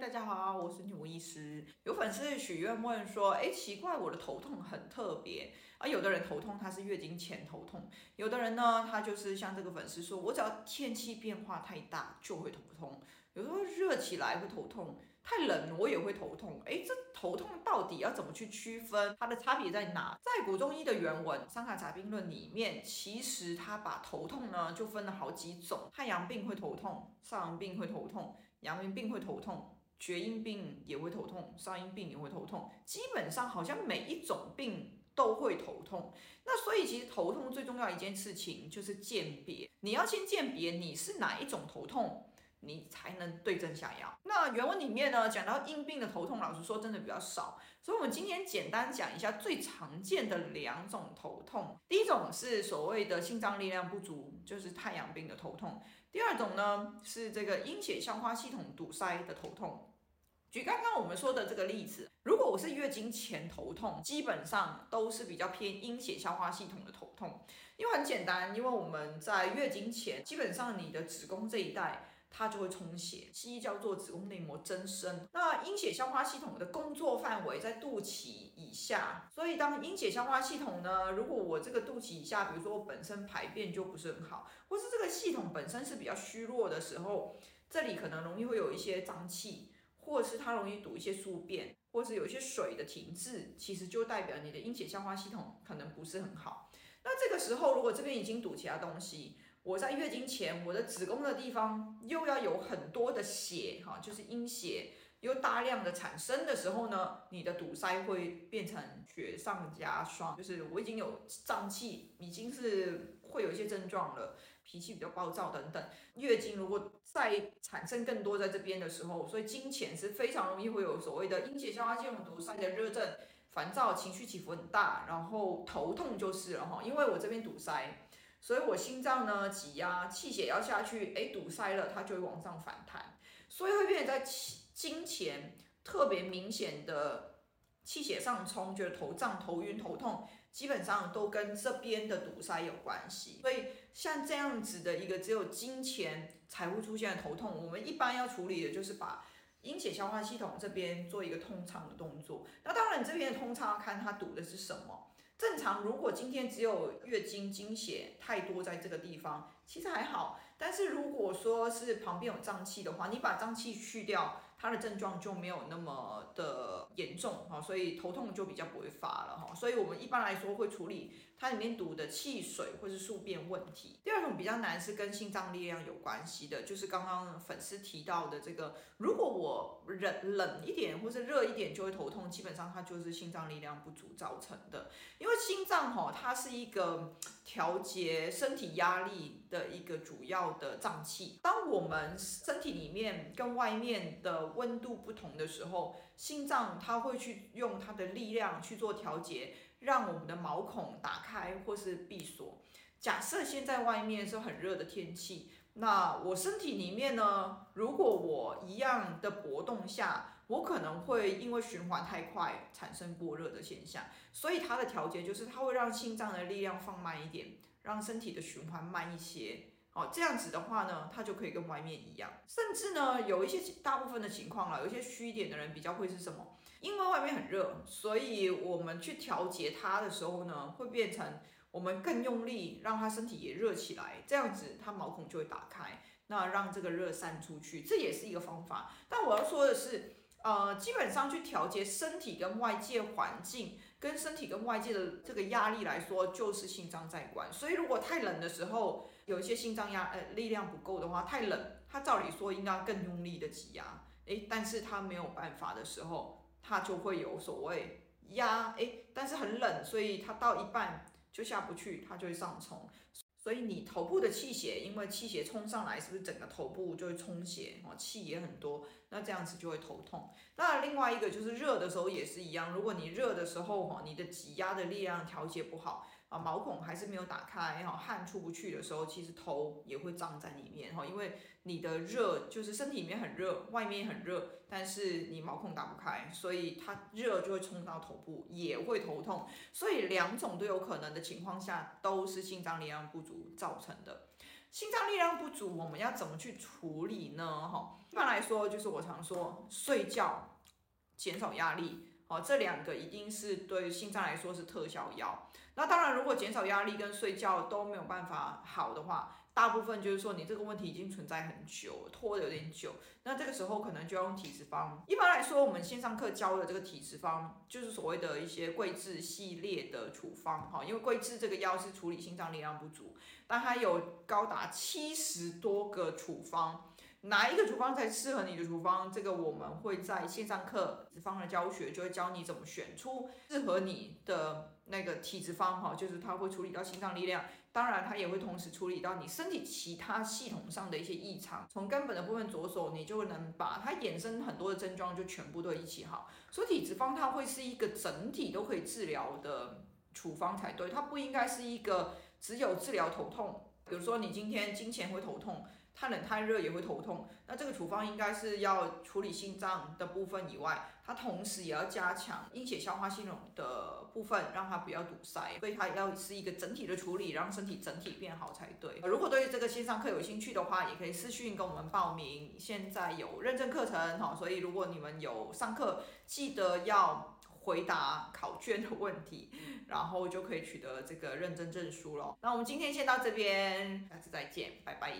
大家好，我是牛醫師。有粉絲許願問說，哎、欸，奇怪，我的頭痛很特別啊。有的人頭痛他是月經前頭痛，有的人呢，他就是像這個粉絲說，我只要天氣變化太大就會頭痛，有時候熱起來會頭痛，太冷我也會頭痛。哎、欸，這頭痛到底要怎麼去區分？它的差別在哪？在古中醫的原文《傷寒雜病論》裡面，其實他把頭痛呢就分了好幾種，太陽病會頭痛，少陽病會頭痛，陽明病，病會頭痛。厥陰病也會頭痛，少陰病也會頭痛，基本上好像每一種病都會頭痛。那所以其實頭痛最重要的一件事情就是鑒別，你要先鑒別你是哪一種頭痛，你才能對症下藥。那原文裡面呢講到陰病的頭痛，老實說真的比較少，所以我們今天簡單講一下最常見的兩種頭痛。第一種是所謂的心臟力量不足，就是太陽病的頭痛。第二種呢是這個陰血消化系統堵塞的頭痛。舉剛剛我們說的這個例子，如果我是月經前頭痛，基本上都是比較偏陰血消化系統的頭痛，因為很簡單，因為我們在月經前，基本上你的子宮這一帶。它就會充血，西醫叫做子宮內膜增生。那陰血消化系統的工作範圍在肚臍以下，所以當陰血消化系統呢，如果我這個肚臍以下，比如說我本身排便就不是很好，或是這個系統本身是比較虛弱的時候，這裡可能容易會有一些脹氣，或是它容易堵一些宿便，或者是有一些水的停滯，其實就代表你的陰血消化系統可能不是很好。那這個時候，如果這邊已經堵其他東西，我在月經前，我的子宮的地方又要有很多的血哈，就是陰血又大量的產生的時候呢，你的堵塞會變成雪上加霜，就是我已經有脹氣，已經是會有一些症狀了，脾氣比較暴躁等等。月經如果再產生更多在這邊的時候，所以經前是非常容易會有所謂的陰血消化系統堵塞的熱症、煩躁、情緒起伏很大，然後頭痛就是了哈，因為我這邊堵塞。所以我心臟呢擠壓氣血要下去，哎、欸、堵塞了它就會往上反彈，所以會變得在經前特別明顯的氣血上衝，覺得頭脹、頭暈、頭痛，基本上都跟這邊的堵塞有關係。所以像這樣子的一個只有經前才會出現的頭痛，我們一般要處理的就是把陰血消化系統這邊做一個通暢的動作。那當然，這邊的通暢要看它堵的是什麼。正常，如果今天只有月經經血太多在這個地方，其實還好。但是如果說是旁邊有脹氣的話，你把脹氣去掉。它的症狀就沒有那麼的嚴重哈，所以頭痛就比較不會發了哈。所以我們一般來說會處理它裡面堵的氣水或是宿便問題。第二種比較難是跟心臟力量有關係的，就是剛剛粉絲提到的這個，如果我冷冷一點或是熱一點就會頭痛，基本上它就是心臟力量不足造成的。因為心臟哈，它是一個調節身體壓力的一個主要的臟器，當我們身體裡面跟外面的溫度不同的時候，心臟它會去用它的力量去做調節，讓我們的毛孔打開或是閉鎖。假設現在外面是很熱的天氣，那我身體裡面呢？如果我一樣的搏動下，我可能會因為循環太快產生過熱的現象，所以它的調節就是它會讓心臟的力量放慢一點，讓身體的循環慢一些。哦，這樣子的話呢，它就可以跟外面一樣。甚至呢，有一些大部分的情況啊，有一些虛一點的人比較會是什麼？因為外面很熱，所以我們去調節它的時候呢，會變成。我們更用力，讓它身體也熱起來，這樣子它毛孔就會打開，那讓這個熱散出去，這也是一個方法。但我要說的是，呃，基本上去調節身體跟外界環境，跟身體跟外界的這個壓力來說，就是心臟在管。所以如果太冷的時候，有一些心臟壓呃力量不夠的話，太冷，它照理說應該更用力的擠壓，哎，但是它沒有辦法的時候，它就會有所謂壓，哎，但是很冷，所以它到一半。就下不去，它就會上衝，所以你頭部的氣血，因為氣血衝上來，是不是整個頭部就會充血哦？氣、喔、也很多，那這樣子就會頭痛。那另外一個就是熱的時候也是一樣，如果你熱的時候哈、喔，你的擠壓的力量調節不好。啊，毛孔還是沒有打開，哈，汗出不去的時候，其實頭也會脹在裡面，哈，因為你的熱就是身體裡面很熱，外面很熱，但是你毛孔打不開，所以它熱就會衝到頭部，也會頭痛，所以兩種都有可能的情況下，都是心臟力量不足造成的。心臟力量不足，我們要怎麼去處理呢？哈，一般來說，就是我常說，睡覺，減少壓力。哦，這兩個一定是對於心臟來說是特效藥。那當然，如果減少壓力跟睡覺都沒有辦法好的話，大部分就是說你這個問題已經存在很久，拖得有點久。那這個時候可能就要用體質方。一般來說，我們線上課教的這個體質方，就是所謂的一些桂枝系列的處方哈。因為桂枝這個藥是處理心臟力量不足，但它有高達七十多個處方。哪一個處方才適合你的處方？這個我們會在線上課處方的教學就會教你怎麼選出適合你的那個體質方。哈，就是它會處理到心臟力量，當然它也會同時處理到你身體其他系統上的一些異常。從根本的部分着手，你就能把它衍生很多的症狀就全部都一起好。所以體質方它會是一個整體都可以治療的處方才對，它不應該是一個只有治療頭痛。比如說你今天經前會頭痛。太冷太熱也會頭痛，那這個處方應該是要處理心臟的部分以外，它同時也要加強陰血消化系統的部分，讓它不要堵塞，所以它要是一個整體的處理，讓身體整體變好才對。如果對於這個線上課有興趣的話，也可以私訊跟我們報名。現在有認證課程哈，所以如果你們有上課，記得要回答考卷的問題，然後就可以取得這個認證證書了。那我們今天先到這邊，下次再見，拜拜。